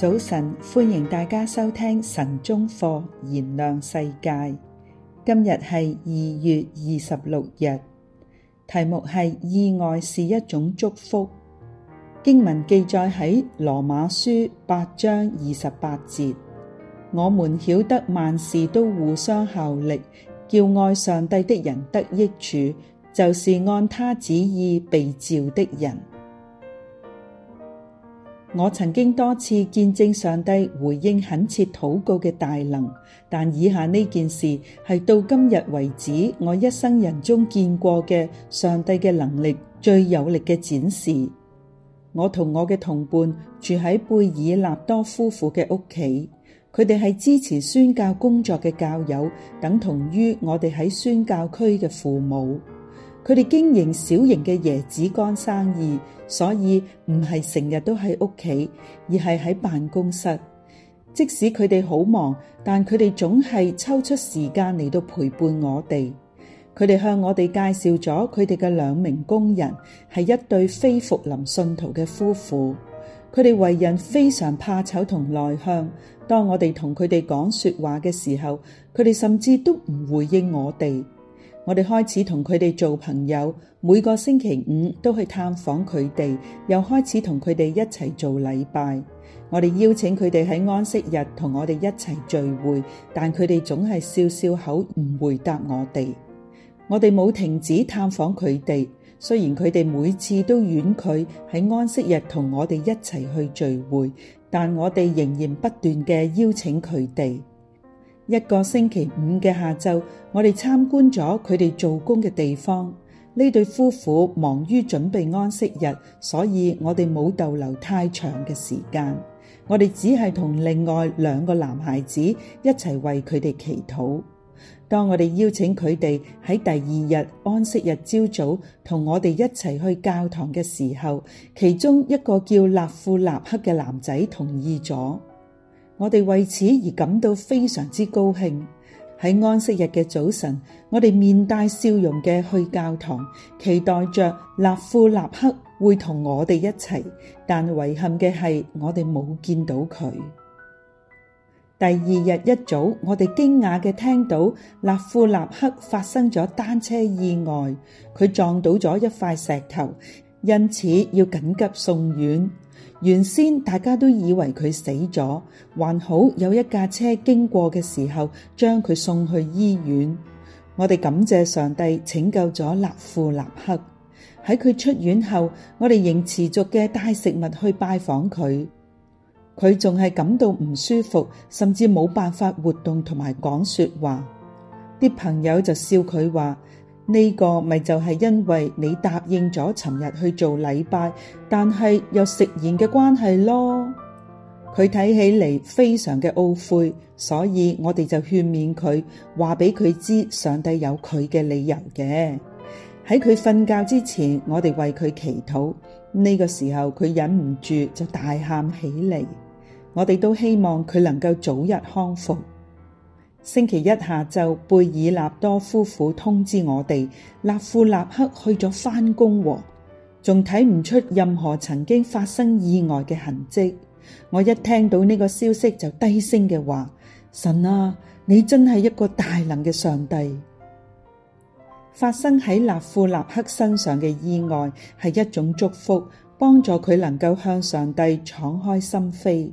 早晨，歡迎大家收聽晨鐘課燃亮世界。今日係二月二十六日，題目係意外是一種祝福。經文記載喺羅馬書八章二十八節，我們曉得萬事都互相效力，叫愛上帝的人得益處，就是按他旨意被召的人。我曾經多次見證上帝回應懇切禱告嘅大能，但以下呢件事係到今日為止我一生人中見過嘅上帝嘅能力最有力嘅展示。我同我嘅同伴住喺貝爾納多夫婦嘅屋企，佢哋係支持宣教工作嘅教友，等同於我哋喺宣教區嘅父母。佢哋經營小型嘅椰子乾生意，所以唔係成日都喺屋企，而係喺辦公室。即使佢哋好忙，但佢哋總係抽出時間嚟到陪伴我哋。佢哋向我哋介紹咗佢哋嘅兩名工人，係一對非復臨信徒嘅夫婦。佢哋為人非常怕醜同內向。當我哋同佢哋講說話嘅時候，佢哋甚至都唔回應我哋。我哋開始同佢哋做朋友，每個星期五都去探訪佢哋，又開始同佢哋一齊做禮拜。我哋邀請佢哋喺安息日同我哋一齊聚會，但佢哋總係笑笑口唔回答我哋。我哋冇停止探訪佢哋，雖然佢哋每次都婉拒喺安息日同我哋一齊去聚會，但我哋仍然不斷嘅邀請佢哋。一個星期五嘅下晝，我哋參觀咗佢哋做工嘅地方。呢對夫婦忙於準備安息日，所以我哋冇逗留太長嘅時間。我哋只係同另外兩個男孩子一齊為佢哋祈禱。當我哋邀請佢哋喺第二日安息日朝早同我哋一齊去教堂嘅時候，其中一個叫納富納克嘅男仔同意咗。我哋為此而感到非常之高興。喺安息日嘅早晨，我哋面帶笑容嘅去教堂，期待着納富納克會同我哋一齊。但遺憾嘅係，我哋冇見到佢。第二日一早，我哋驚訝嘅聽到納富納克發生咗單車意外，佢撞到咗一塊石頭。因此要緊急送院，原先大家都以為佢死咗，還好有一架車經過嘅時候，將佢送去醫院。我哋感謝上帝拯救咗納富納克。喺佢出院後，我哋仍持續嘅帶食物去拜訪佢，佢仲係感到唔舒服，甚至冇辦法活動同埋講說話。啲朋友就笑佢話：呢個咪就係因為你答應咗尋日去做禮拜，但係又食言嘅關係咯。佢睇起嚟非常嘅懊悔，所以我哋就勸勉佢，話俾佢知上帝有佢嘅理由嘅。喺佢瞓覺之前，我哋為佢祈禱。呢、這個時候佢忍唔住就大喊起嚟，我哋都希望佢能夠早日康復。星期一下晝，貝爾納多夫婦通知我哋，納富納克去咗翻工，仲睇唔出任何曾經發生意外嘅痕跡。我一聽到呢個消息就低聲嘅話：神啊，你真係一個大能嘅上帝！發生喺納富納克身上嘅意外係一種祝福，幫助佢能夠向上帝敞開心扉。